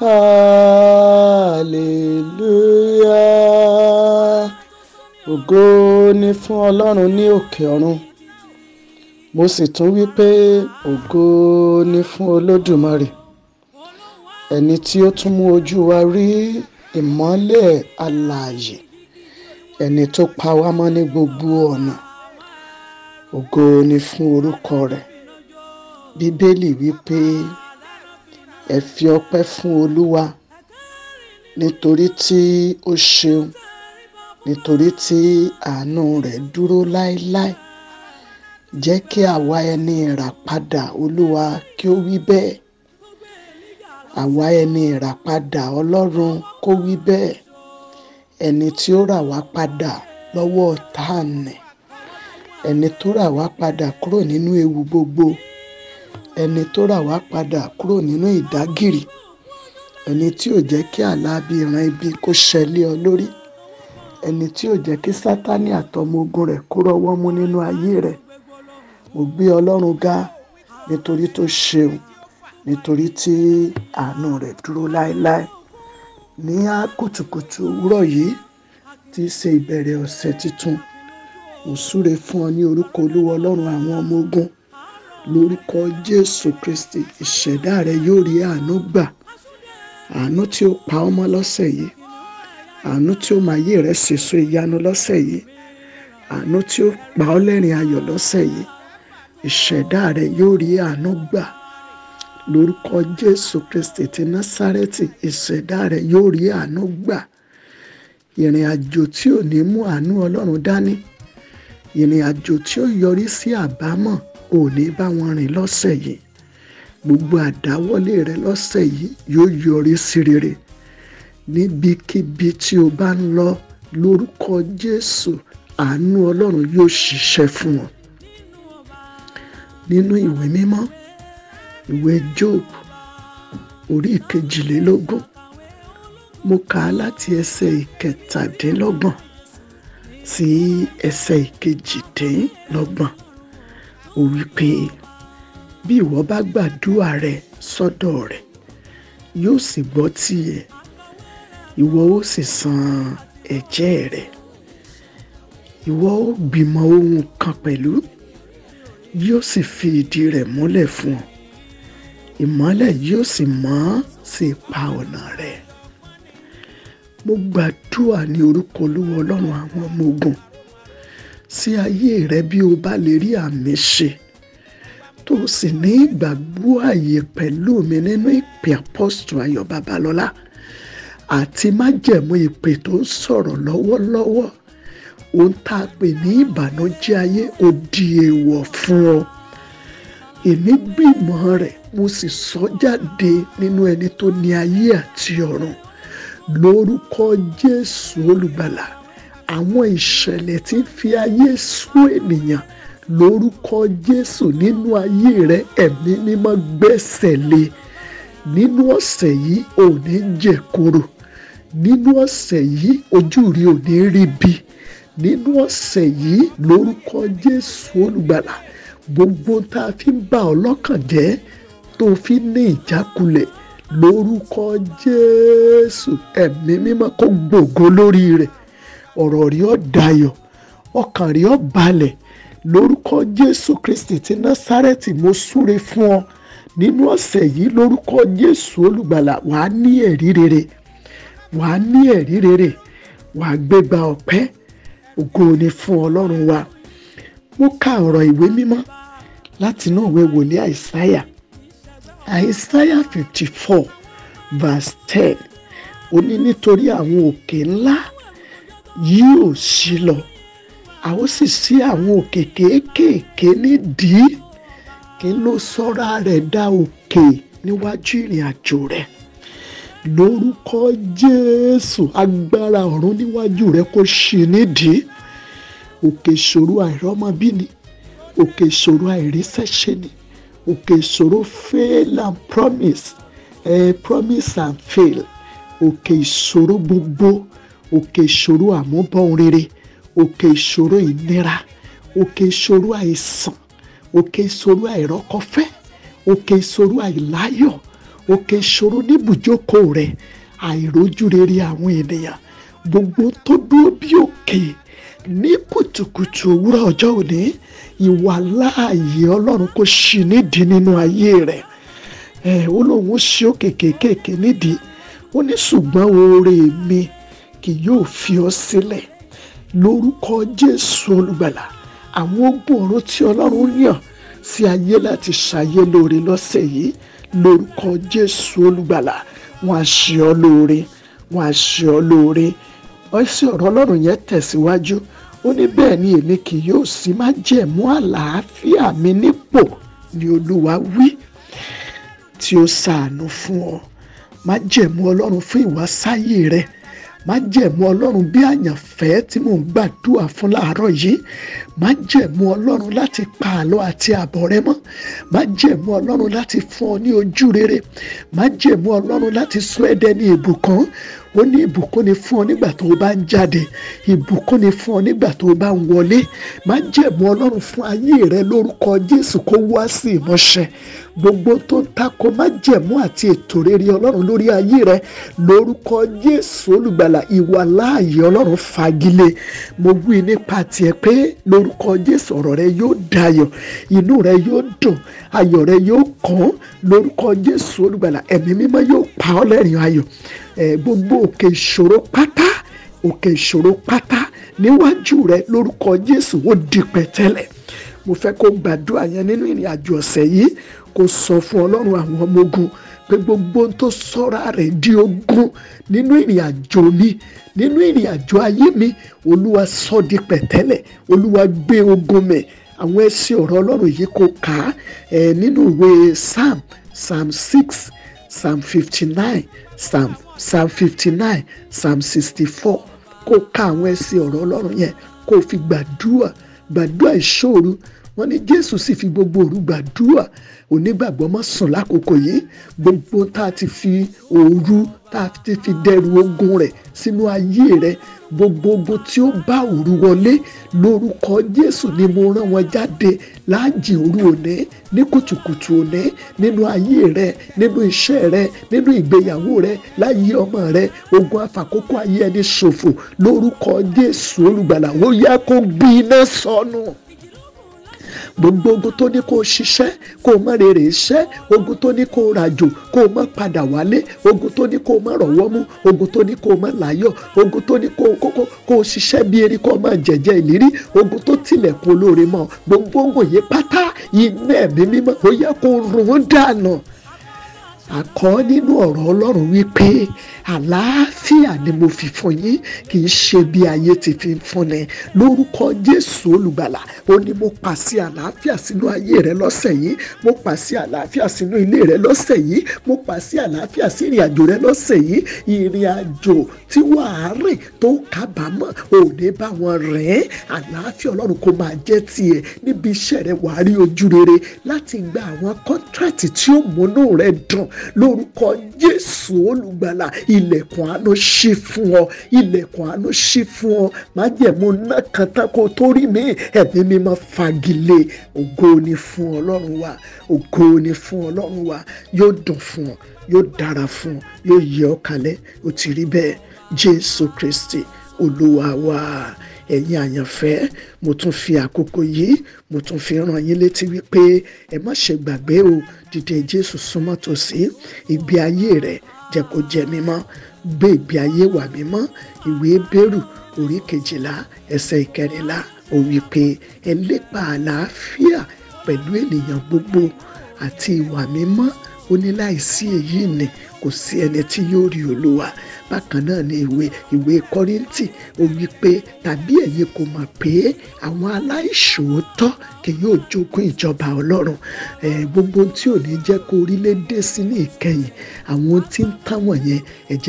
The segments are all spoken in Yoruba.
hallelujah ògo ni fún ọlọ́run ní òkè ọ̀run mo sì tún wí pé ògo ni fún olódùmarè ẹni tí ó tún mú ojú wa rí ìmọ́lẹ̀ alààyè ẹni tó pa wá mọ́ ní gbogbo ọ̀nà ògo ni fún orúkọ rẹ̀ bíbélì wí pé ẹ fi ọpẹ́ fún olúwa nítorí tí ó ṣeun nítorí tí àánú rẹ̀ dúró láéláé jẹ́ kí àwa ẹni ìràpadà olúwa kí ó wí bẹ́ẹ̀ àwa ẹni ìràpadà ọlọ́run kó wí bẹ́ẹ̀ ẹni tí ó rà wá padà lọ́wọ́ ọ̀tá ẹni tó rà wá padà kúrò nínú ewu gbogbo ẹni tó rà wá padà kúrò nínú ìdágìrì ẹni tí ò jẹ́ kí àlábí ìran ibi kó ṣẹlẹ̀ ọ lórí ẹni tí ò jẹ́ kí sátánì àtọmọ ogun rẹ̀ kó rọ́wọ́ mú nínú ayé rẹ̀ mo gbé ọlọ́run ga nítorí tó ṣeun nítorí tí àánú rẹ̀ dúró láéláé ní á kùtùkùtù òwúrọ̀ yìí tí í ṣe ìbẹ̀rẹ̀ ọ̀sẹ̀ tuntun mo súre fún ọ ní orúkọ olúwa ọlọ́run àwọn ọmọ ogun lórúkọ Jésù Kristi ìṣẹ̀dá rẹ yóò rí àánú gbà àánú tí ó pa ọmọ lọ́sẹ̀ yìí àánú tí ó máa yé rẹ ṣèso ìyanu lọ́sẹ̀ yìí àánú tí ó pa ọ́ lẹ́rìn ayọ̀ lọ́sẹ̀ yìí ìṣẹ̀dá rẹ yóò rí àánú gbà lórúkọ Jésù Kristi ti Násárẹ́tì ìṣẹ̀dá rẹ yóò rí àánú gbà ìrìn àjò tí ò ní mú àánú Ọlọ́run dání ìrìn àjò tí ó yọrí sí àbámọ̀ ò ní bá wọn rìn lọ́sẹ̀ yìí gbogbo àdáwọ́lé rẹ lọ́sẹ̀ yìí yóò yọrí sí rere níbikíbi tí o bá ń lọ lórúkọ Jésù àánú Ọlọ́run yóò ṣiṣẹ́ fún ọ nínú ìwé mímọ́ ìwé Job orí ìkejìlélógún mo kà á láti ẹsẹ̀ ìkẹtàdínlọ́gbọ̀n sí ẹsẹ̀ ìkejìdínlọ́gbọ̀n ó wí pé bí ìwọ bá gbàdúrà rẹ sọ́dọ̀ rẹ̀ yóò sì gbọ́ tiẹ̀ ìwọ ó sì san ẹ̀jẹ́ rẹ̀ ìwọ ó gbìmọ̀ ohun kan pẹ̀lú yóò sì fi ìdí rẹ̀ múlẹ̀ fún ọ ìmọ́lẹ̀ yóò sì mọ́ sí ipa ọ̀nà rẹ̀ mo gbàdúrà ní orúkọ olúwa ọlọ́run àwọn ọmọ ogun sí ayé rẹ bí o bá lè rí àmì ṣe tó o sì ní ìgbàgbọ́ àyè pẹ̀lú mi nínú ìpè apọ́stù ayọ̀ babalọ́lá àti májẹ̀mú ìpè tó ń sọ̀rọ̀ lọ́wọ́lọ́wọ́ ohun tá a pè ní ìbànújẹ́ ayé ó di èèwọ̀ fún ọ èmi gbìmọ̀ rẹ̀ mo sì sọ jáde nínú ẹni tó ní ayé àti ọ̀run lórúkọ Jésù olùgbàlà àwọn ìṣẹ̀lẹ̀ tí ń fi ayé sú ènìyàn lórúkọ Jésù nínú ayé rẹ ẹ̀mí mímọ́ gbẹ́sẹ̀ lé nínú ọ̀sẹ̀ yìí ò ní jẹ̀ kúrò nínú ọ̀sẹ̀ yìí ojú rí ò ní rí bí nínú ọ̀sẹ̀ yìí lórúkọ Jésù olùgbàlà gbogbo tá a fi ń bà ọ́ lọ́kàn jẹ́ tó fi ń ní ìjákulẹ̀ lórúkọ Jésù ẹ̀mí mímọ́ kó gbògo lórí rẹ̀ ọ̀rọ̀ rí ọ dayọ̀ ọkàn rí ọ balẹ̀ lórúkọ jésù kristi ti násárẹ́tì mo súre fún ọ nínú ọ̀sẹ̀ yìí lórúkọ jésù olùgbàlà wàá ní ẹ̀rí rere wàá ní ẹ̀rí rere wàá gbégbá ọ̀pẹ́ ògo ni fún ọlọ́run wa mo ka ọ̀rọ̀ ìwé mímọ́ láti inú ìwé wòlíì àìsáyà àìsáyà fifty four verse ten ó ní nítorí àwọn òkè ńlá yóò ṣí lọ a ó sì ṣí àwọn òkè kéékèèké nídìí kí ló sọ́ra rẹ̀ dá òkè níwájú ìrìn àjò rẹ̀ lórúkọ Jésù agbára ọ̀run níwájú rẹ̀ kò ṣí nídìí òkè ìṣòro àìrọ́mọbí ni òkè ìṣòro àìríṣẹ́ṣe ni òkè ìṣòro fail and promise eh, promise and fail òkè ìṣòro gbogbo òkè ìṣòro àmúbọ̀ ohun rere òkè ìṣòro ìnira òkè ìṣòro àìsàn òkè ìṣòro àìrọ́kọfẹ́ òkè ìṣòro àìláyọ̀ òkè ìṣòro níbùjókòó rẹ àìrójú rere àwọn ènìyàn gbogbo tó dúró bí òkè ní kùtùkùtù òwúrọ̀ ọjọ́ òní ìwà láàyè ọlọ́run kò ṣì nídìí nínú ayé rẹ̀ ẹ̀ ó lóun ṣe ó kékèké nídìí ó ní ṣùgbọ́n oore mi kì yóò fi ọ sílẹ̀ lórúkọ Jésù olùgbàlà àwọn ogun ọ̀rọ̀ tí Ọlọ́run yàn sí ayé láti ṣàyé lóore lọ́sẹ̀ yìí lórúkọ Jésù olùgbàlà wọn á ṣe ọ lóore wọn á ṣe ọ lóore ọsẹ ọ̀rọ̀ Ọlọ́run yẹn tẹ̀síwájú ó ní bẹ́ẹ̀ ni èmi kì yóò sì má jẹ̀mú àlàáfíà mi nípò ni Olúwa wí tí ó ṣàánú fún ọ má jẹ̀mú Ọlọ́run fún ìwásáyé rẹ májẹ̀mú ọlọ́run bí àyànfẹ́ tí mò ń gbàdúrà fún láàárọ̀ yìí májẹ̀mú ọlọ́run láti pa àlọ́ àti àbọ̀ rẹ mọ́ májẹ̀mú ọlọ́run láti fún ọ ní ojú rere májẹ̀mú ọlọ́run láti sọ ẹ́ dẹni ìbùkún ó ní ìbùkún ni fún ọ nígbà tó o bá ń jáde ìbùkún ni fún ọ nígbà tó o bá ń wọlé má jẹ̀mú ọlọ́run fún ayé rẹ lórúkọ jésù kó wá sí ìmọ̀ṣẹ gbogbo tó ń tako má jẹ̀mú àti ètò rere ọlọ́run lórí ayé rẹ lórúkọ jésù olùgbàlà ìwà láàyè ọlọ́run fagilé mo wí nípa tiẹ̀ pé lórúkọ jésù ọ̀rọ̀ rẹ yóò dayọ̀ inú rẹ yóò dùn ayọ̀ rẹ yóò kàn lórúkọ jésù olùgbàlà ẹ̀mí mímọ́ yóò pa ọ́ lẹ́rìn ayọ̀ gbogbo òkè ìṣòro pátá òkè ìṣòro pátá níwájú rẹ lórúkọ Jésù ó di pẹ̀tẹ́lẹ̀ mo fẹ́ kó gbàdúrà yẹn nínú ìrìn àjò ọ̀sẹ̀ yìí kó sọ fún Ọlọ́run àwọn ọmọ ogun pé gbogbo ohun tó sọ́ra rẹ̀ di ogun nínú ìrìn àjò mi nínú ìrìn àjò ayé mi Olúwa sọ di pẹ̀tẹ́lẹ̀ Olúwa gbé ogun mi àwọn ẹsẹ̀ ọ̀rọ̀ Ọlọ́run yìí kó kà á nínú ìwé Psalm Psalm six psalm fifty nine psalm psalm fifty nine psalm sixty four kó ka àwọn ẹsẹ̀ ọ̀rọ̀ ọlọ́run yẹn kó fi gbàdúrà gbàdúrà ìṣòro wọ́n ní jésù sì fi gbogbo òru gbàdúrà onígbàgbọ́ má sùn lákòókò yìí gbogbo tá a ti fi òru tá a ti fi dẹrù ogun rẹ̀ sínú ayé rẹ̀ gbogbo tí ó bá òru wọlé lórúkọ jésù ni mo rán wọn jáde láàjì òru òní ní kùtùkùtù òní nínú ayé rẹ nínú iṣẹ́ rẹ nínú ìgbéyàwó rẹ láyé ọmọ rẹ ogun afàkókò ayé ẹni ṣòfò lórúkọ jésù olùgbàlà ó yá kó gbiná sọnù gbogbo ogun tó ní kó o ṣiṣẹ́ kó o mọ rere iṣẹ́ ogun tó ní kó o rajò kó o mọ padà wálé ogun tó ní kó o mọ rọ̀wọ́ mú ogun tó ní kó o mọ láyọ̀ ogun tó ní kó o kókó kó o ṣiṣẹ́ bí erin kó o mọ jẹ̀jẹ̀ ìlérí ogun tó tilẹ̀kùn olóore mọ́ gbogbo ogun yìí pátá iná ẹ̀mí ó yẹ kó o rún dànù àkọ́ nínú ọ̀rọ̀ ọlọ́run wípé àlàáfíà ni mo fi fún yín kì í ṣe bí ayé ti fi ń fúnni lórúkọ jésù olùgbàlà ó ní mo pàṣẹ àlàáfíà sínú ayé rẹ lọ́sẹ̀ yìí mo pàṣẹ àlàáfíà sínú ilé rẹ lọ́sẹ̀ yìí mo pàṣẹ àlàáfíà sí ìrìn àjò rẹ lọ́sẹ̀ yìí ìrìn àjò tí wàá rìn tó kábàámọ̀ ò ní bá wọn rìn àlàáfíà ọlọ́run kò máa jẹ́ tiẹ̀ níbi iṣẹ́ rẹ wàá rí ojú rere láti gba àwọn kọ́ńtrátì tí ó múnú rẹ dùn lórúkọ Jésù olùgbàlà ilẹ̀kùn àánú ṣí fún ọ ilẹ̀kùn àánú ṣí fún ọ májẹ̀mú náà kan tán kó torí mi ẹ̀mí mi máa fagilé ògo ni fún Ọlọ́run wa ògo ni fún Ọlọ́run wa yóò dùn fún ọ yóò dára fún ọ yóò yẹ ọ kalẹ̀ ó ti rí bẹ́ẹ̀ Jésù Kristi olúwa wa ẹ̀yin àyànfẹ́ mo tún fi àkókò yìí mo tún fi ràn yín létí wípé ẹ má ṣe gbàgbé o dìde Jésù súnmọ́ tòsí ìgbé ayé rẹ̀ jẹ́ kó jẹ́ mímọ́ gbé ìgbé ayé wà mímọ́ ìwé Hébérù orí kejìlá ẹsẹ̀ ìkẹrìnlá ó wí pé ẹ lépa àlàáfíà pẹ̀lú ènìyàn gbogbo àti ìwà mímọ́ ó ní láìsí èyí ni kò sí ẹni tí yóò rí olúwa bákan náà ni ìwé ìwé kọ́rìntì ó wí pé tàbí ẹ̀yin kò mọ̀ pé àwọn aláìṣòótọ́ kì yóò jogún ìjọba ọlọ́run gbogbo tí ò ní jẹ́ kó orílẹ̀-èdè sí ní ìkẹyìn àwọn tí ń táwọn yẹn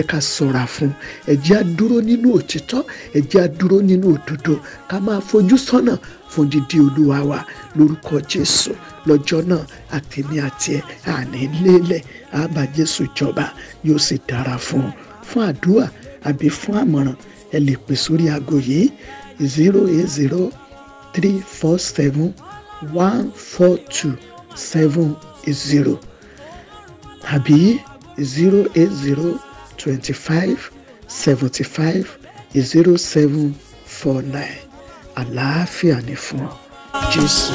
ẹ ká ṣọ́ra fún ẹ á dúró nínú òtítọ́ ẹ á dúró nínú òdodo ká máa fojú sọ́nà fún dídí olúwa wa lórúkọ jésù lọ́jọ́ náà àtẹ̀mí àti ẹ̀ àní lélẹ̀ àbá jésù jọba yóò sì dára fún fún àdúrà àbí fún àmọ̀ràn ẹ lè pè sórí aago yìí zero eight zero three four seven one four two seven zero tàbí zero eight zero twenty five seventy five zero seven four nine àlàáfíà ni fún ọ Jésù.